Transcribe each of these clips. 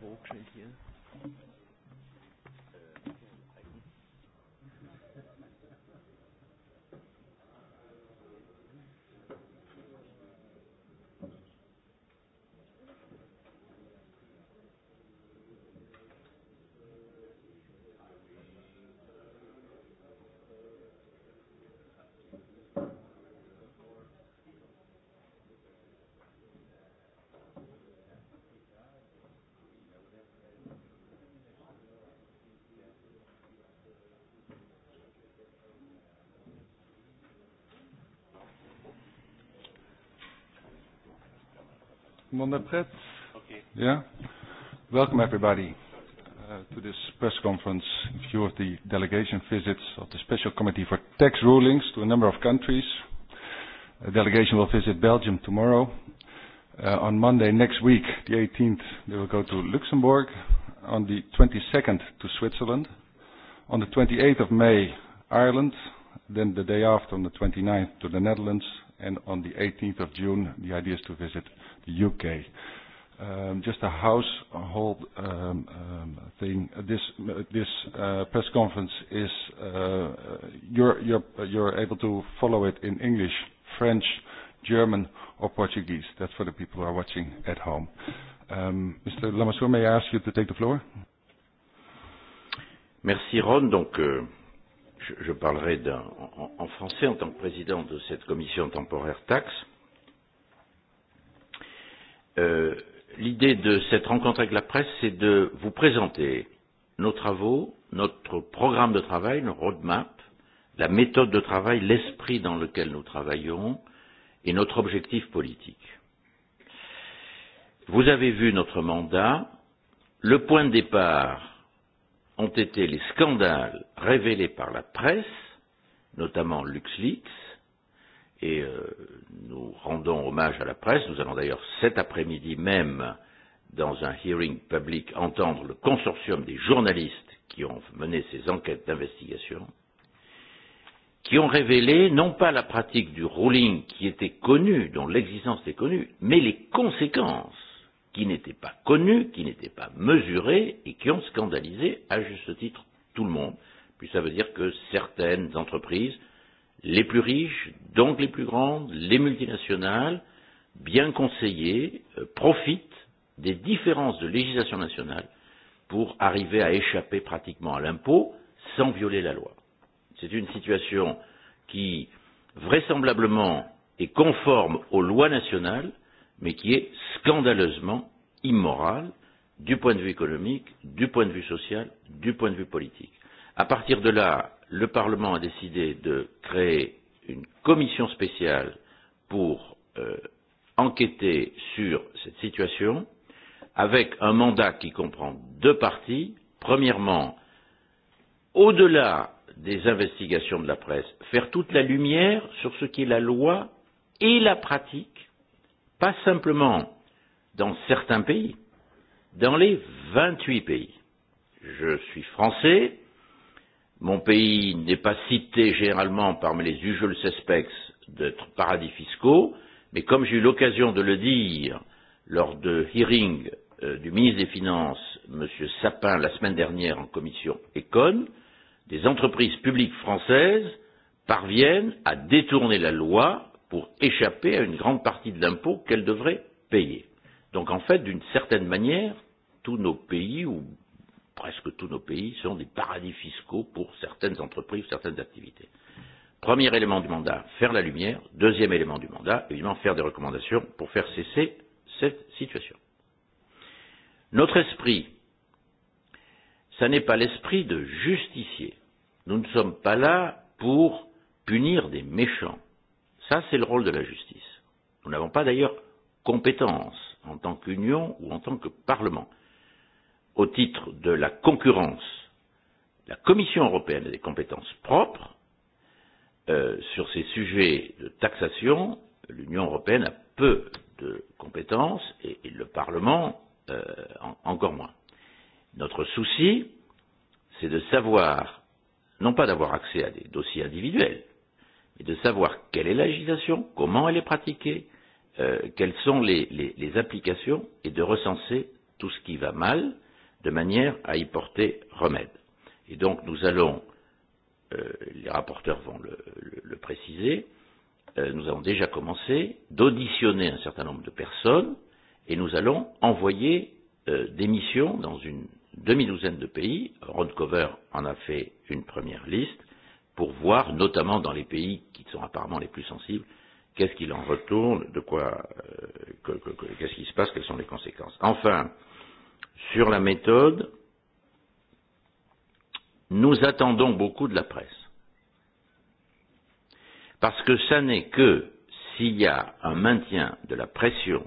Walk hier. Moment Okay. Yeah. Welcome everybody to this press conference in view of the delegation visits of the Special Committee for Tax Rulings to a number of countries. the delegation will visit Belgium tomorrow. On Monday next week, the 18th, they will go to Luxembourg. On the 22nd to Switzerland. On the 28th of May, Ireland then the day after, on the 29th, to the Netherlands, and on the 18th of June, the idea is to visit the UK. Um, just a household um, um, thing. This this uh, press conference is uh, you're you're you're able to follow it in English, French, German, or Portuguese. That's for the people who are watching at home. Um, Mr. Lamassoure, may I ask you to take the floor? Merci, Ron. Donc, je parlerai en français en tant que président de cette commission temporaire taxe. L'idée de cette rencontre avec la presse, c'est de vous présenter nos travaux, notre programme de travail, nos roadmap, la méthode de travail, l'esprit dans lequel nous travaillons et notre objectif politique. Vous avez vu notre mandat. Le point de départ ont été les scandales révélés par la presse, notamment LuxLeaks, et nous rendons hommage à la presse. Nous allons d'ailleurs cet après-midi même, dans un hearing public, entendre le consortium des journalistes qui ont mené ces enquêtes d'investigation, qui ont révélé non pas la pratique du ruling qui était connue, dont l'existence était connue, mais les conséquences qui n'étaient pas connues, qui n'étaient pas mesurées et qui ont scandalisé à juste titre tout le monde. Puis ça veut dire que certaines entreprises, les plus riches, donc les plus grandes, les multinationales, bien conseillées, profitent des différences de législation nationale pour arriver à échapper pratiquement à l'impôt sans violer la loi. C'est une situation qui vraisemblablement est conforme aux lois nationales mais qui est scandaleusement immoral du point de vue économique, du point de vue social, du point de vue politique. À partir de là, le Parlement a décidé de créer une commission spéciale pour enquêter sur cette situation, avec un mandat qui comprend deux parties. Premièrement, au-delà des investigations de la presse, faire toute la lumière sur ce qui est la loi et la pratique pas simplement dans certains pays, dans les 28 pays. Je suis français, mon pays n'est pas cité généralement parmi les usual suspects d'être paradis fiscaux, mais comme j'ai eu l'occasion de le dire lors de hearing du ministre des Finances, M. Sapin, la semaine dernière en commission Econ, des entreprises publiques françaises parviennent à détourner la loi pour échapper à une grande partie de l'impôt qu'elle devrait payer. Donc en fait, d'une certaine manière, tous nos pays, ou presque tous nos pays, sont des paradis fiscaux pour certaines entreprises, certaines activités. Premier élément du mandat, faire la lumière. Deuxième élément du mandat, évidemment, faire des recommandations pour faire cesser cette situation. Notre esprit, ça n'est pas l'esprit de justicier. Nous ne sommes pas là pour punir des méchants Ça, c'est le rôle de la justice. Nous n'avons pas d'ailleurs compétence en tant qu'Union ou en tant que Parlement. Au titre de la concurrence, la Commission européenne a des compétences propres. Sur ces sujets de taxation, l'Union européenne a peu de compétences et le Parlement encore moins. Notre souci, c'est de savoir, non pas d'avoir accès à des dossiers individuels, mais de savoir quelle est la législation, comment elle est pratiquée, quelles sont les, les, les applications et de recenser tout ce qui va mal de manière à y porter remède. Et donc nous allons, les rapporteurs vont le, le, le préciser, nous avons déjà commencé d'auditionner un certain nombre de personnes et nous allons envoyer des missions dans une demi-douzaine de pays. Rondcover en a fait une première liste pour voir, notamment dans les pays qui sont apparemment les plus sensibles, qu'est-ce qu'il en retourne, de quoi, qu'est-ce qui se passe, quelles sont les conséquences. Enfin, sur la méthode, nous attendons beaucoup de la presse. Parce que ça n'est que s'il y a un maintien de la pression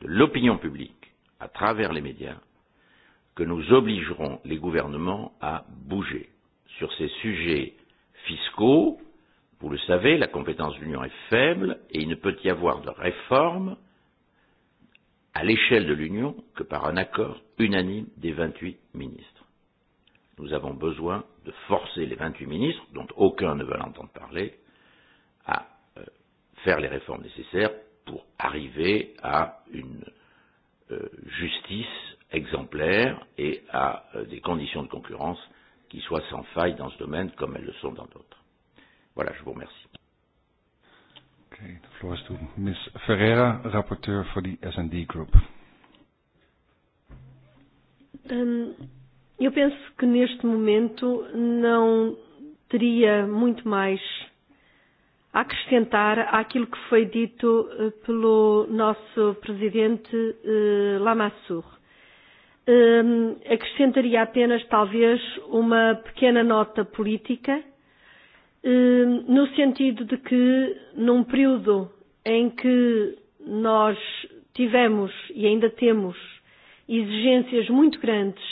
de l'opinion publique à travers les médias que nous obligerons les gouvernements à bouger sur ces sujets fiscaux, vous le savez, la compétence de l'Union est faible et il ne peut y avoir de réforme à l'échelle de l'Union que par un accord unanime des 28 ministres. Nous avons besoin de forcer les 28 ministres, dont aucun ne veut l'entendre parler, à faire les réformes nécessaires pour arriver à une justice exemplaire et à des conditions de concurrence qui soient sans faille dans ce domaine comme elles le sont dans d'autres. Voilà, je vous remercie. Okay, the floor is to Ms. Ferreira, rapporteur for the S&D Group. Um, eu penso que neste momento não teria muito mais a acrescentar àquilo que foi dito pelo nosso presidente Lamassoure acrescentaria apenas talvez uma pequena nota política, no sentido de que num período em que nós tivemos e ainda temos exigências muito grandes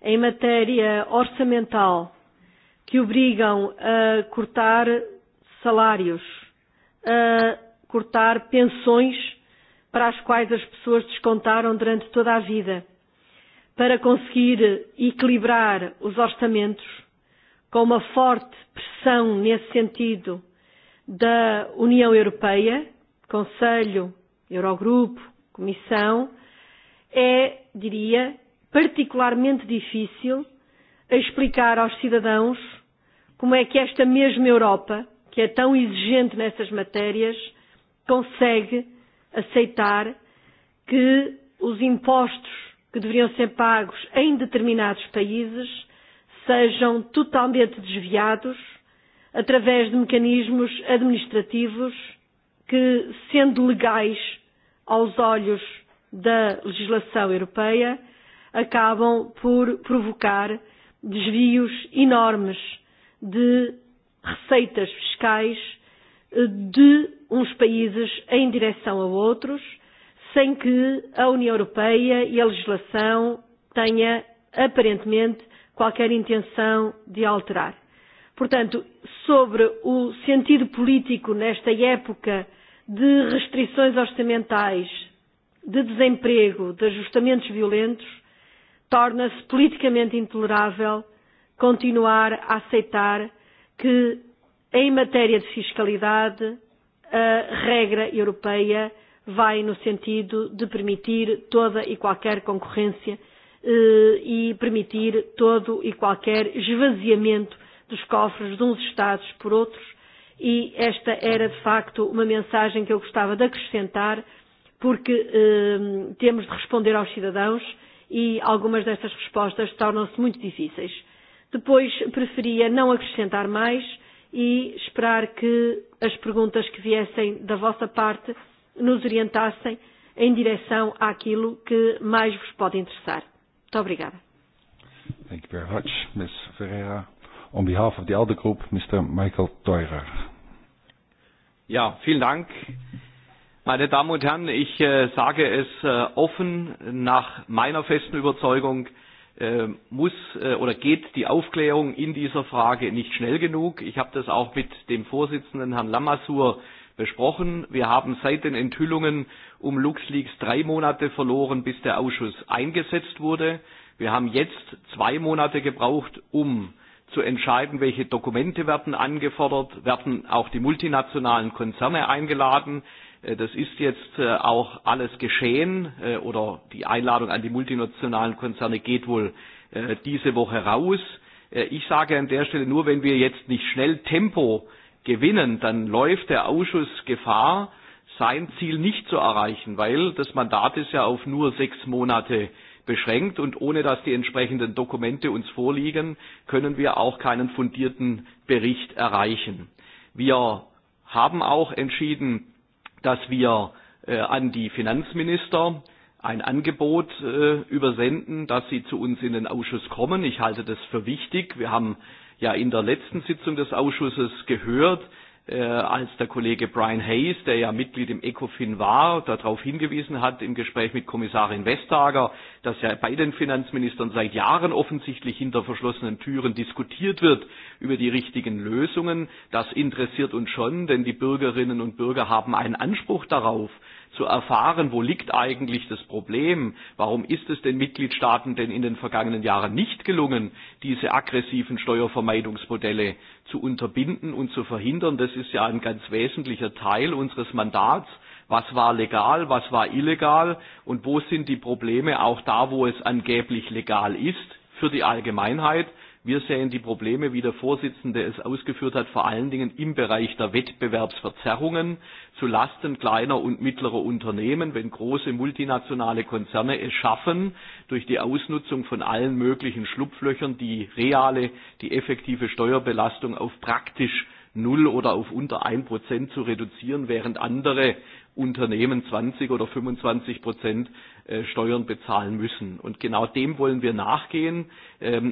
em matéria orçamental que obrigam a cortar salários, a cortar pensões para as quais as pessoas descontaram durante toda a vida para conseguir equilibrar os orçamentos, com uma forte pressão nesse sentido da União Europeia, Conselho, Eurogrupo, Comissão, é, diria, particularmente difícil explicar aos cidadãos como é que esta mesma Europa, que é tão exigente nessas matérias, consegue aceitar que os impostos que deveriam ser pagos em determinados países sejam totalmente desviados através de mecanismos administrativos que, sendo legais aos olhos da legislação europeia, acabam por provocar desvios enormes de receitas fiscais de uns países em direção a outros sem que a União Europeia e a legislação tenha aparentemente qualquer intenção de alterar. Portanto, sobre o sentido político nesta época de restrições orçamentais, de desemprego, de ajustamentos violentos, torna-se politicamente intolerável continuar a aceitar que, em matéria de fiscalidade, a regra europeia vai no sentido de permitir toda e qualquer concorrência e permitir todo e qualquer esvaziamento dos cofres de uns Estados por outros, e esta era de facto uma mensagem que eu gostava de acrescentar, porque temos de responder aos cidadãos e algumas destas respostas tornam-se muito difíceis. Depois preferia não acrescentar mais e esperar que as perguntas que viessem da vossa parte nos orientassem em direção àquilo que mais vos pode interessar. Muito obrigada. Thank you very much, Ms. Ferreira. On behalf of the ALDE Group, Mr. Michael Teurer. Ja, vielen Dank. Meine Damen und Herren, ich sage es offen, nach meiner festen Überzeugung muss oder geht die Aufklärung in dieser Frage nicht schnell genug. Ich habe das auch mit dem Vorsitzenden, Herrn Lamassur, besprochen. Wir haben seit den Enthüllungen um LuxLeaks drei Monate verloren, bis der Ausschuss eingesetzt wurde. Wir haben jetzt zwei Monate gebraucht, um zu entscheiden, welche Dokumente werden angefordert, werden auch die multinationalen Konzerne eingeladen. Das ist jetzt auch alles geschehen oder die Einladung an die multinationalen Konzerne geht wohl diese Woche raus. Ich sage an der Stelle nur, wenn wir jetzt nicht schnell Tempo gewinnen, dann läuft der Ausschuss Gefahr, sein Ziel nicht zu erreichen, weil das Mandat ist ja auf nur sechs Monate beschränkt und ohne dass die entsprechenden Dokumente uns vorliegen, können wir auch keinen fundierten Bericht erreichen. Wir haben auch entschieden, dass wir an die Finanzminister ein Angebot übersenden, dass sie zu uns in den Ausschuss kommen. Ich halte das für wichtig. Wir haben ja in der letzten Sitzung des Ausschusses gehört, als der Kollege Brian Hayes, der ja Mitglied im ECOFIN war, darauf hingewiesen hat im Gespräch mit Kommissarin Vestager, dass ja bei den Finanzministern seit Jahren offensichtlich hinter verschlossenen Türen diskutiert wird über die richtigen Lösungen. Das interessiert uns schon, denn die Bürgerinnen und Bürger haben einen Anspruch darauf, zu erfahren, wo liegt eigentlich das Problem, warum ist es den Mitgliedstaaten denn in den vergangenen Jahren nicht gelungen, diese aggressiven Steuervermeidungsmodelle zu unterbinden und zu verhindern. Das ist ja ein ganz wesentlicher Teil unseres Mandats. Was war legal, was war illegal und wo sind die Probleme auch da, wo es angeblich legal ist für die Allgemeinheit Wir sehen die Probleme, wie der Vorsitzende es ausgeführt hat, vor allen Dingen im Bereich der Wettbewerbsverzerrungen zu Lasten kleiner und mittlerer Unternehmen, wenn große multinationale Konzerne es schaffen, durch die Ausnutzung von allen möglichen Schlupflöchern die reale, die effektive Steuerbelastung auf praktisch null oder auf unter ein Prozent zu reduzieren, während andere Unternehmen 20 oder 25% Steuern bezahlen müssen. Und genau dem wollen wir nachgehen.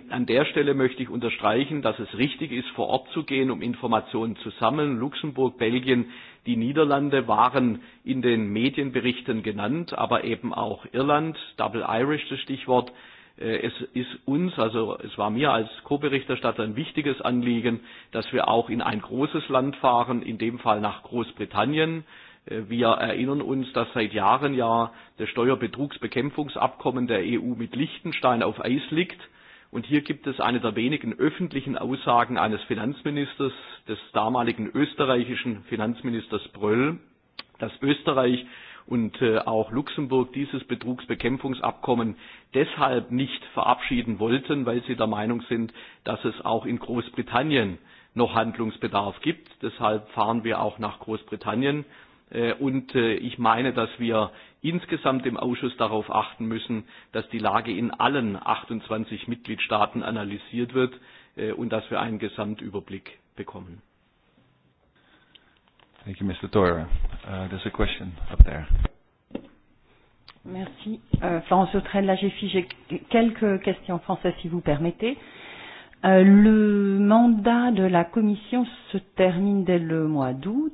An der Stelle möchte ich unterstreichen, dass es richtig ist, vor Ort zu gehen, um Informationen zu sammeln. Luxemburg, Belgien, die Niederlande waren in den Medienberichten genannt, aber eben auch Irland, Double Irish das Stichwort. Es ist uns, also es war mir als Co-Berichterstatter ein wichtiges Anliegen, dass wir auch in ein großes Land fahren, in dem Fall nach Großbritannien Wir erinnern uns, dass seit Jahren ja das Steuerbetrugsbekämpfungsabkommen der EU mit Liechtenstein auf Eis liegt. Und hier gibt es eine der wenigen öffentlichen Aussagen eines Finanzministers, des damaligen österreichischen Finanzministers Bröll, dass Österreich und auch Luxemburg dieses Betrugsbekämpfungsabkommen deshalb nicht verabschieden wollten, weil sie der Meinung sind, dass es auch in Großbritannien noch Handlungsbedarf gibt. Deshalb fahren wir auch nach Großbritannien Und ich meine, dass wir insgesamt im Ausschuss darauf achten müssen, dass die Lage in allen 28 Mitgliedstaaten analysiert wird und dass wir einen Gesamtüberblick bekommen. Thank you, Mr. Teurer. Uh, there's a question up there. Merci. Uh, Florence Autrel, la j'ai quelques questions en français, si vous permettez. Le mandat de la commission se termine dès le mois d'août,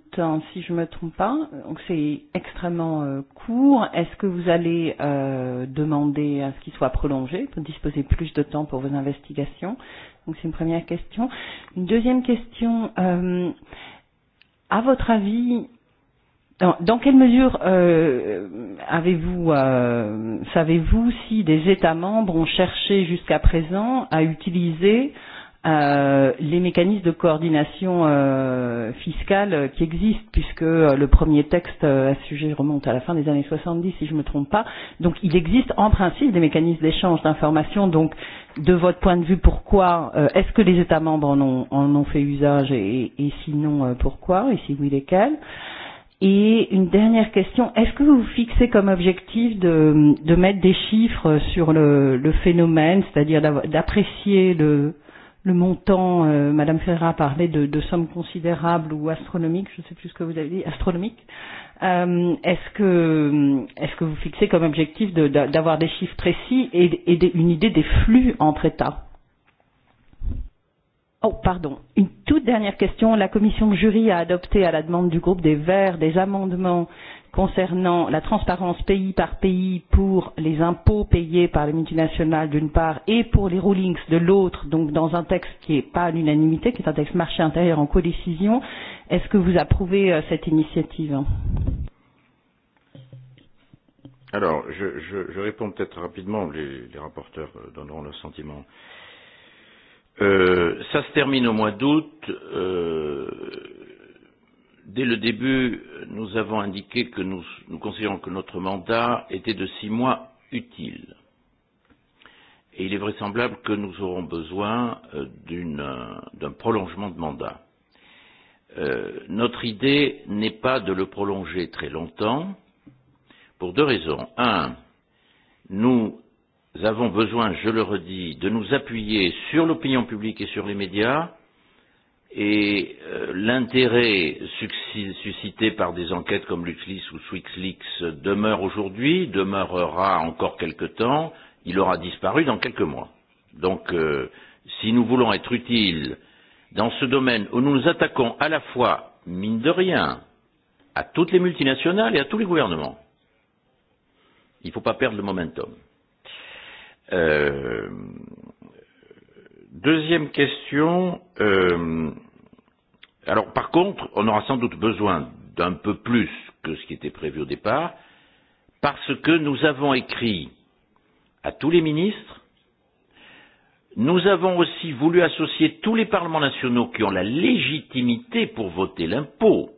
si je ne me trompe pas. Donc c'est extrêmement court. Est-ce que vous allez demander à ce qu'il soit prolongé pour disposer plus de temps pour vos investigations Donc c'est une première question. Une deuxième question. À votre avis, Dans quelle mesure avez-vous, savez-vous si des États membres ont cherché jusqu'à présent à utiliser euh, les mécanismes de coordination euh, fiscale qui existent, puisque le premier texte à ce sujet remonte à la fin des années 70, si je ne me trompe pas. Donc, il existe en principe des mécanismes d'échange d'informations. Donc, de votre point de vue, pourquoi Est-ce que les États membres en ont, en ont fait usage et, et sinon, pourquoi Et si oui, lesquels Et une dernière question, est-ce que vous fixez comme objectif de, de mettre des chiffres sur le, le phénomène, c'est-à-dire d'apprécier le, le montant Madame Ferreira parlait de, de sommes considérables ou astronomiques, je ne sais plus ce que vous avez dit, astronomiques. Euh, est-ce que est que vous fixez comme objectif d'avoir des chiffres précis et, et une idée des flux entre États Oh, pardon. Une toute dernière question. La commission jury a adopté à la demande du groupe des Verts des amendements concernant la transparence pays par pays pour les impôts payés par les multinationales d'une part et pour les rulings de l'autre, donc dans un texte qui n'est pas à l'unanimité, qui est un texte marché intérieur en codécision. Est-ce que vous approuvez cette initiative Alors, je, je, je réponds peut-être rapidement. Les, les rapporteurs donneront leur sentiment. Ça se termine au mois d'août. Dès le début, nous avons indiqué que nous considérons que notre mandat était de six mois utile Et il est vraisemblable que nous aurons besoin d'un prolongement de mandat. Notre idée n'est pas de le prolonger très longtemps, pour deux raisons. Un, nous Nous avons besoin, je le redis, de nous appuyer sur l'opinion publique et sur les médias et l'intérêt suscité par des enquêtes comme LuxLeaks ou SwixLeaks demeure aujourd'hui, demeurera encore quelque temps, il aura disparu dans quelques mois. Donc, si nous voulons être utiles dans ce domaine où nous nous attaquons à la fois, mine de rien, à toutes les multinationales et à tous les gouvernements, il ne faut pas perdre le momentum. Euh, deuxième question. Euh, alors, par contre, on aura sans doute besoin d'un peu plus que ce qui était prévu au départ, parce que nous avons écrit à tous les ministres, nous avons aussi voulu associer tous les parlements nationaux qui ont la légitimité pour voter l'impôt.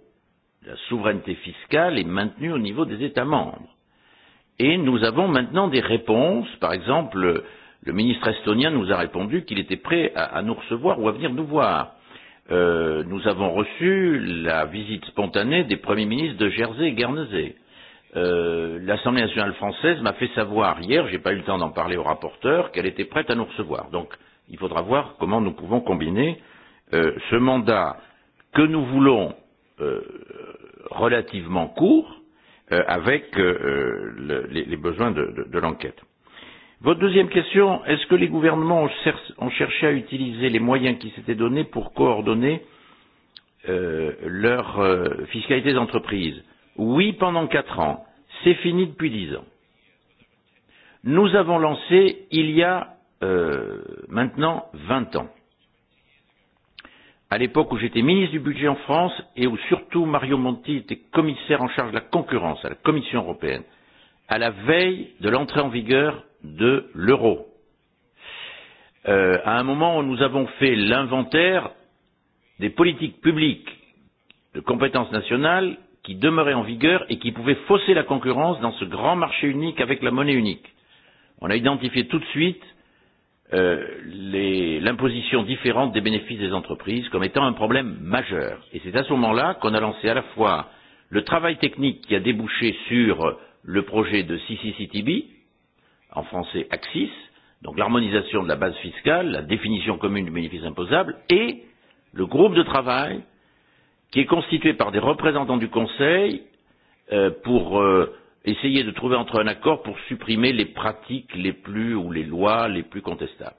La souveraineté fiscale est maintenue au niveau des États membres. Et nous avons maintenant des réponses. Par exemple, le ministre estonien nous a répondu qu'il était prêt à nous recevoir ou à venir nous voir. Nous avons reçu la visite spontanée des premiers ministres de Jersey et Guernesey. L'Assemblée nationale française m'a fait savoir hier, je n'ai pas eu le temps d'en parler au rapporteur, qu'elle était prête à nous recevoir. Donc, il faudra voir comment nous pouvons combiner ce mandat que nous voulons relativement court, avec les besoins de l'enquête. Votre deuxième question, est-ce que les gouvernements ont cherché à utiliser les moyens qui s'étaient donnés pour coordonner leur fiscalité d'entreprise Oui, pendant quatre ans. C'est fini depuis dix ans. Nous avons lancé, il y a maintenant vingt ans, à l'époque où j'étais ministre du budget en France et où surtout Mario Monti était commissaire en charge de la concurrence à la Commission européenne, à la veille de l'entrée en vigueur de l'euro. À un moment où nous avons fait l'inventaire des politiques publiques de compétences nationales qui demeuraient en vigueur et qui pouvaient fausser la concurrence dans ce grand marché unique avec la monnaie unique. On a identifié tout de suite l'imposition différente des bénéfices des entreprises comme étant un problème majeur. Et c'est à ce moment-là qu'on a lancé à la fois le travail technique qui a débouché sur le projet de CCCTB, en français AXIS, donc l'harmonisation de la base fiscale, la définition commune du bénéfice imposable, et le groupe de travail qui est constitué par des représentants du Conseil pour essayer de trouver entre un accord pour supprimer les pratiques les plus ou les lois les plus contestables.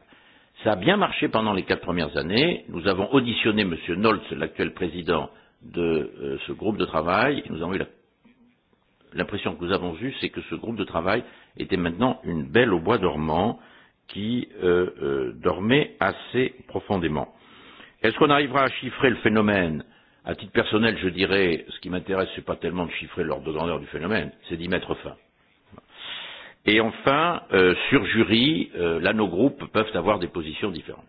Ça a bien marché pendant les quatre premières années. Nous avons auditionné M. Nolz, l'actuel président de ce groupe de travail. et Nous avons eu l'impression que nous avons eue, c'est que ce groupe de travail était maintenant une belle au bois dormant qui dormait assez profondément. Est-ce qu'on arrivera à chiffrer le phénomène À titre personnel, je dirais, ce qui m'intéresse, ce n'est pas tellement de chiffrer l'ordre de grandeur du phénomène, c'est d'y mettre fin. Et enfin, sur jury, là, nos groupes peuvent avoir des positions différentes.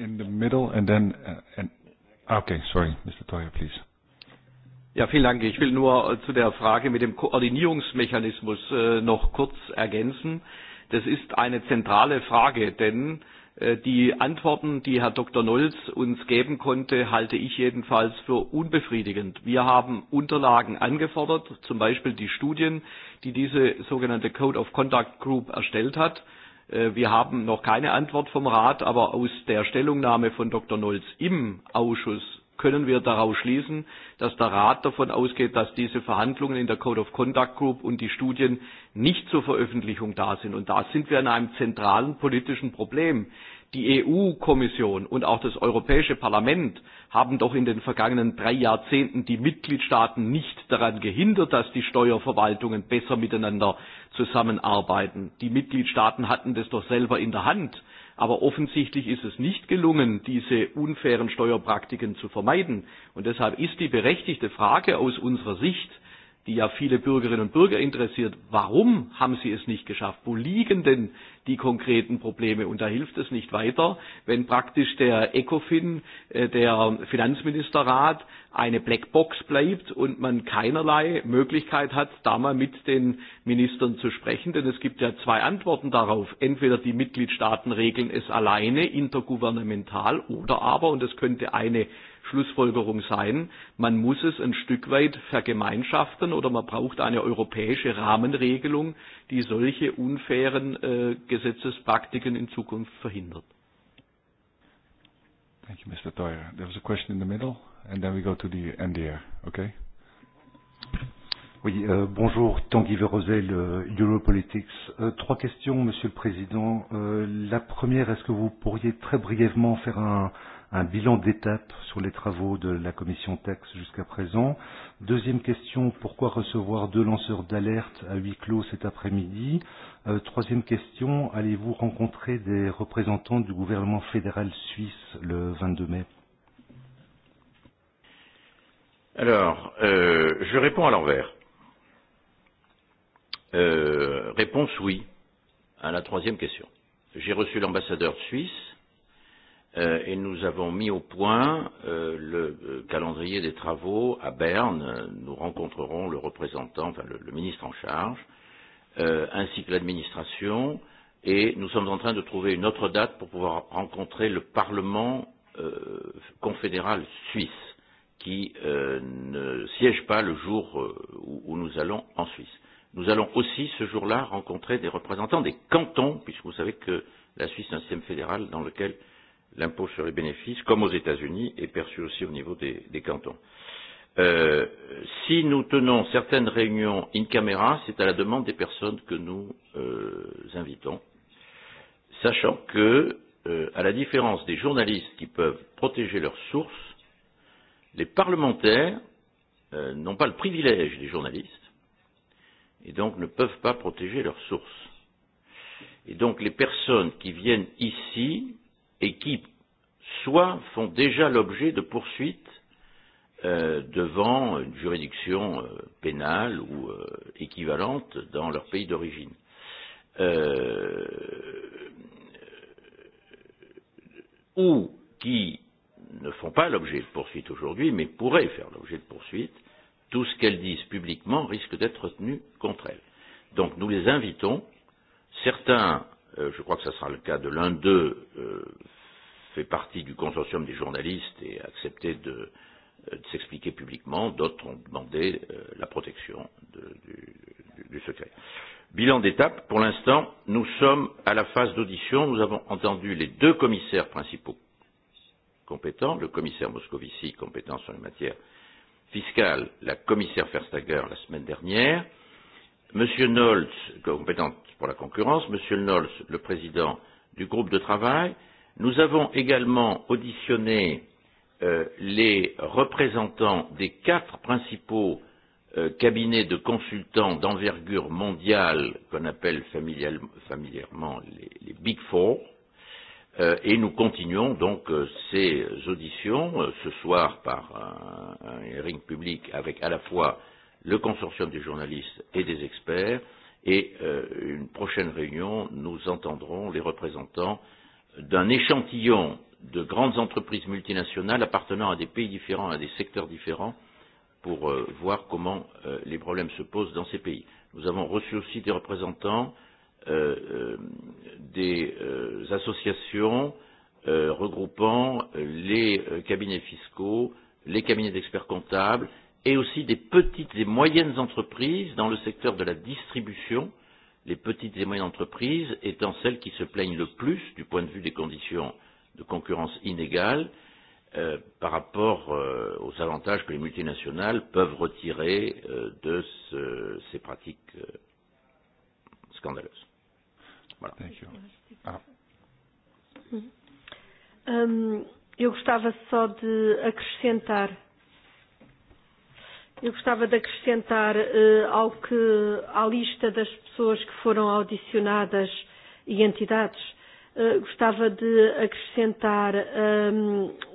In the middle and then... Okay, sorry, Mr. Toyer, please. Ja, vielen Dank. Ich will nur zu der Frage mit dem Koordinierungsmechanismus noch kurz ergänzen. Das ist eine zentrale Frage, denn Die Antworten, die Herr Dr. Nolz uns geben konnte, halte ich jedenfalls für unbefriedigend. Wir haben Unterlagen angefordert, zum Beispiel die Studien, die diese sogenannte Code of Conduct Group erstellt hat. Wir haben noch keine Antwort vom Rat, aber aus der Stellungnahme von Dr. Nolz im Ausschuss können wir daraus schließen, dass der Rat davon ausgeht, dass diese Verhandlungen in der Code of Conduct Group und die Studien nicht zur Veröffentlichung da sind. Und da sind wir an einem zentralen politischen Problem. Die EU-Kommission und auch das Europäische Parlament haben doch in den vergangenen drei Jahrzehnten die Mitgliedstaaten nicht daran gehindert, dass die Steuerverwaltungen besser miteinander zusammenarbeiten. Die Mitgliedstaaten hatten das doch selber in der Hand Aber offensichtlich ist es nicht gelungen, diese unfairen Steuerpraktiken zu vermeiden. Und deshalb ist die berechtigte Frage aus unserer Sicht, die ja viele Bürgerinnen und Bürger interessiert, warum haben sie es nicht geschafft? Wo liegen denn die konkreten Probleme? Und da hilft es nicht weiter, wenn praktisch der ECOFIN, der Finanzministerrat, eine Blackbox bleibt und man keinerlei Möglichkeit hat, da mal mit den Ministern zu sprechen. Denn es gibt ja zwei Antworten darauf. Entweder die Mitgliedstaaten regeln es alleine, intergouvernemental, oder aber, und das könnte eine Schlussfolgerung sein. Man muss es ein Stück weit vergemeinschaften oder man braucht eine europäische Rahmenregelung, die solche unfairen Gesetzespraktiken in Zukunft verhindert. Thank you, Mr. Teuer. There was a question in the middle, and then we go to the end here, okay? Oui, euh, bonjour, Tanguy Verosel, euh, Europolitics. Euh, trois questions, Monsieur le Président. Euh, la première, est-ce que vous pourriez très brièvement faire un, un bilan d'étape sur les travaux de la commission TEX jusqu'à présent. Deuxième question, pourquoi recevoir deux lanceurs d'alerte à huis clos cet après-midi Troisième question, allez-vous rencontrer des représentants du gouvernement fédéral suisse le 22 mai Alors, je réponds à l'envers. Euh, réponse oui à la troisième question. J'ai reçu l'ambassadeur de suisse et nous avons mis au point le calendrier des travaux à Berne. Nous rencontrerons le représentant, enfin le ministre en charge, ainsi que l'administration, et nous sommes en train de trouver une autre date pour pouvoir rencontrer le Parlement confédéral suisse, qui ne siège pas le jour où nous allons en Suisse. Nous allons aussi, ce jour-là, rencontrer des représentants des cantons, puisque vous savez que la Suisse est un système fédéral dans lequel l'impôt sur les bénéfices, comme aux États-Unis, est perçu aussi au niveau des cantons. Si nous tenons certaines réunions in camera, c'est à la demande des personnes que nous invitons, sachant que, à la différence des journalistes qui peuvent protéger leurs sources, les parlementaires n'ont pas le privilège des journalistes et donc ne peuvent pas protéger leurs sources. Et donc les personnes qui viennent ici et qui soit font déjà l'objet de poursuites devant une juridiction pénale ou équivalente dans leur pays d'origine. Ou qui ne font pas l'objet de poursuites aujourd'hui, mais pourraient faire l'objet de poursuites, tout ce qu'elles disent publiquement risque d'être retenu contre elles. Donc nous les invitons, certains je crois que ce sera le cas de l'un d'eux, fait partie du consortium des journalistes et a accepté de, de s'expliquer publiquement. D'autres ont demandé la protection du, du secret. Bilan d'étape, pour l'instant, nous sommes à la phase d'audition. Nous avons entendu les deux commissaires principaux compétents, le commissaire Moscovici, compétent sur les matières fiscales, la commissaire Verstager la semaine dernière. Monsieur Knowles, compétente pour la concurrence, M. Knowles, le président du groupe de travail. Nous avons également auditionné les représentants des quatre principaux cabinets de consultants d'envergure mondiale qu'on appelle familièrement les Big Four. Et nous continuons donc ces auditions ce soir par un hearing public avec à la fois le consortium des journalistes et des experts, et une prochaine réunion, nous entendrons les représentants d'un échantillon de grandes entreprises multinationales appartenant à des pays différents, à des secteurs différents, pour voir comment les problèmes se posent dans ces pays. Nous avons reçu aussi des représentants des associations regroupant les cabinets fiscaux, les cabinets d'experts comptables et aussi des petites et moyennes entreprises dans le secteur de la distribution, les petites et moyennes entreprises étant celles qui se plaignent le plus du point de vue des conditions de concurrence inégales par rapport aux avantages que les multinationales peuvent retirer de ces pratiques scandaleuses. Voilà. Eu gostava só de acrescentar Eu gostava de acrescentar ao que, à lista das pessoas que foram audicionadas e entidades, gostava de acrescentar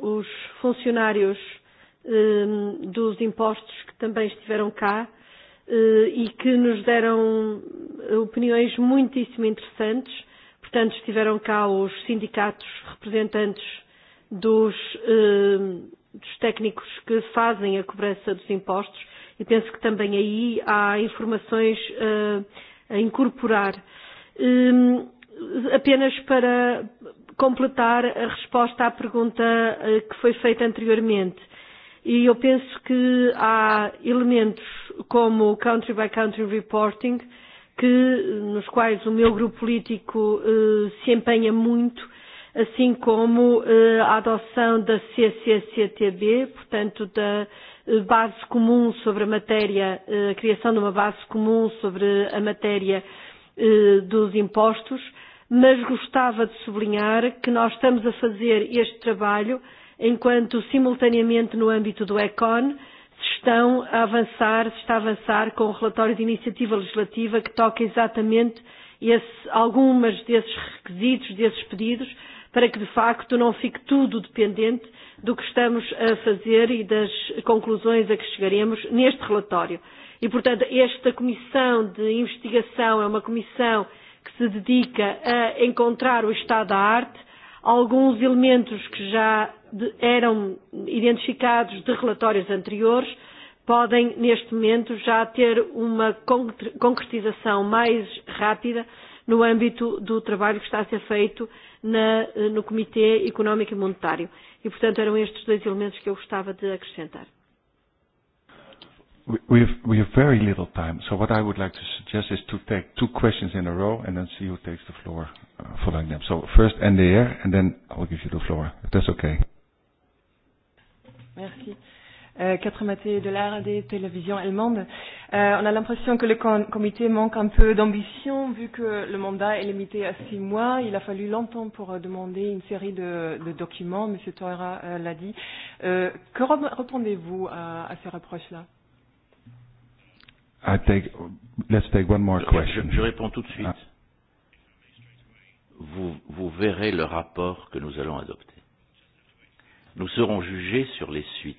os funcionários dos impostos que também estiveram cá e que nos deram opiniões muitíssimo interessantes. Portanto, estiveram cá os sindicatos representantes dos dos técnicos que fazem a cobrança dos impostos e penso que também aí há informações a incorporar. Apenas para completar a resposta à pergunta que foi feita anteriormente. E eu penso que há elementos como o country by country reporting, que, nos quais o meu grupo político se empenha muito assim como a adoção da CCCTB, portanto da base comum sobre a matéria, a criação de uma base comum sobre a matéria dos impostos, mas gostava de sublinhar que nós estamos a fazer este trabalho enquanto simultaneamente no âmbito do ECON se estão a avançar, se está a avançar com o relatório de iniciativa legislativa que toca exatamente esse, algumas desses requisitos, desses pedidos, para que de facto não fique tudo dependente do que estamos a fazer e das conclusões a que chegaremos neste relatório. E, portanto, esta comissão de investigação é uma comissão que se dedica a encontrar o estado da arte, alguns elementos que já eram identificados de relatórios anteriores podem, neste momento, já ter uma concretização mais rápida no âmbito do trabalho que está a ser feito na, no Comitê Económico e Monetário. E, portanto, eram estes dois elementos que eu gostava de acrescentar. We have, we have very little time, so what I would like to suggest is to take two questions in a row and then see who takes the floor uh, following them. So first NDR and then I will give you the floor, if that's okay. Merci quatre métiers de l'art des télévisions allemandes. Euh, on a l'impression que le comité manque un peu d'ambition vu que le mandat est limité à six mois. Il a fallu longtemps pour demander une série de, de documents, M. Toira l'a dit. Euh, que répondez-vous à, à ces reproches-là Je, je réponds tout de suite. Vous, vous verrez le rapport que nous allons adopter. Nous serons jugés sur les suites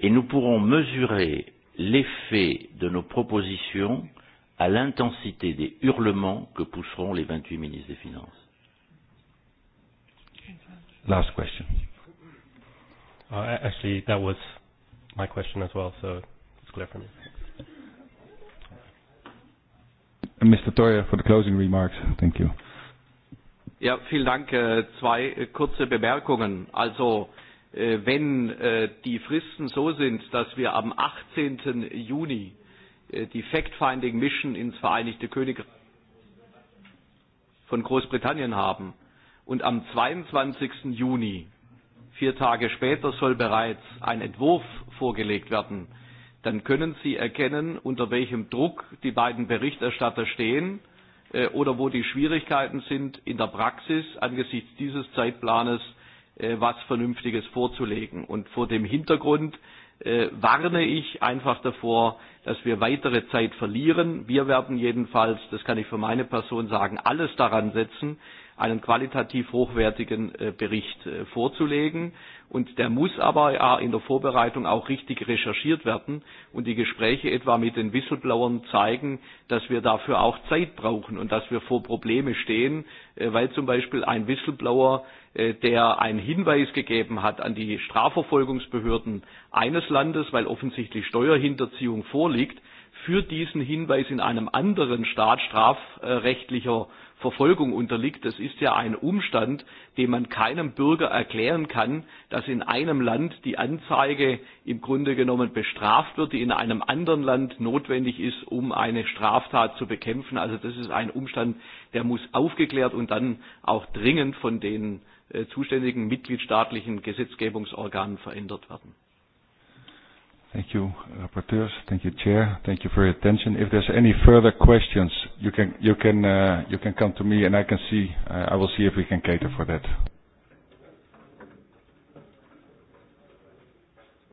et nous pourrons mesurer l'effet de nos propositions à l'intensité des hurlements que pousseront les 28 ministres des Finances. Last question. actually, that was my question as well, so it's clear for me. Mr. Toyer for the closing remarks. Thank you. Ja, vielen Dank. Zwei kurze Bemerkungen. Also, wenn die Fristen so sind, dass wir am 18. Juni die Fact-Finding Mission ins Vereinigte Königreich von Großbritannien haben und am 22. Juni, vier Tage später, soll bereits ein Entwurf vorgelegt werden, dann können Sie erkennen, unter welchem Druck die beiden Berichterstatter stehen oder wo die Schwierigkeiten sind in der Praxis angesichts dieses Zeitplanes was Vernünftiges vorzulegen. Und vor dem Hintergrund warne ich einfach davor, dass wir weitere Zeit verlieren. Wir werden jedenfalls, das kann ich für meine Person sagen, alles daran setzen, einen qualitativ hochwertigen Bericht vorzulegen. Und der muss aber in der Vorbereitung auch richtig recherchiert werden. Und die Gespräche etwa mit den Whistleblowern zeigen, dass wir dafür auch Zeit brauchen und dass wir vor Probleme stehen, weil zum Beispiel ein Whistleblower, der einen Hinweis gegeben hat an die Strafverfolgungsbehörden eines Landes, weil offensichtlich Steuerhinterziehung vorliegt, für diesen Hinweis in einem anderen Staat strafrechtlicher Verfolgung unterliegt. Das ist ja ein Umstand, den man keinem Bürger erklären kann, dass in einem Land die Anzeige im Grunde genommen bestraft wird, die in einem anderen Land notwendig ist, um eine Straftat zu bekämpfen. Also das ist ein Umstand, der muss aufgeklärt und dann auch dringend von den zuständigen mitgliedstaatlichen Gesetzgebungsorganen verändert werden. Thank you, rapporteurs. Thank you, Chair. Thank you for your attention. If there's any further questions, you can you can you can come to me, and I can see I will see if we can cater for that.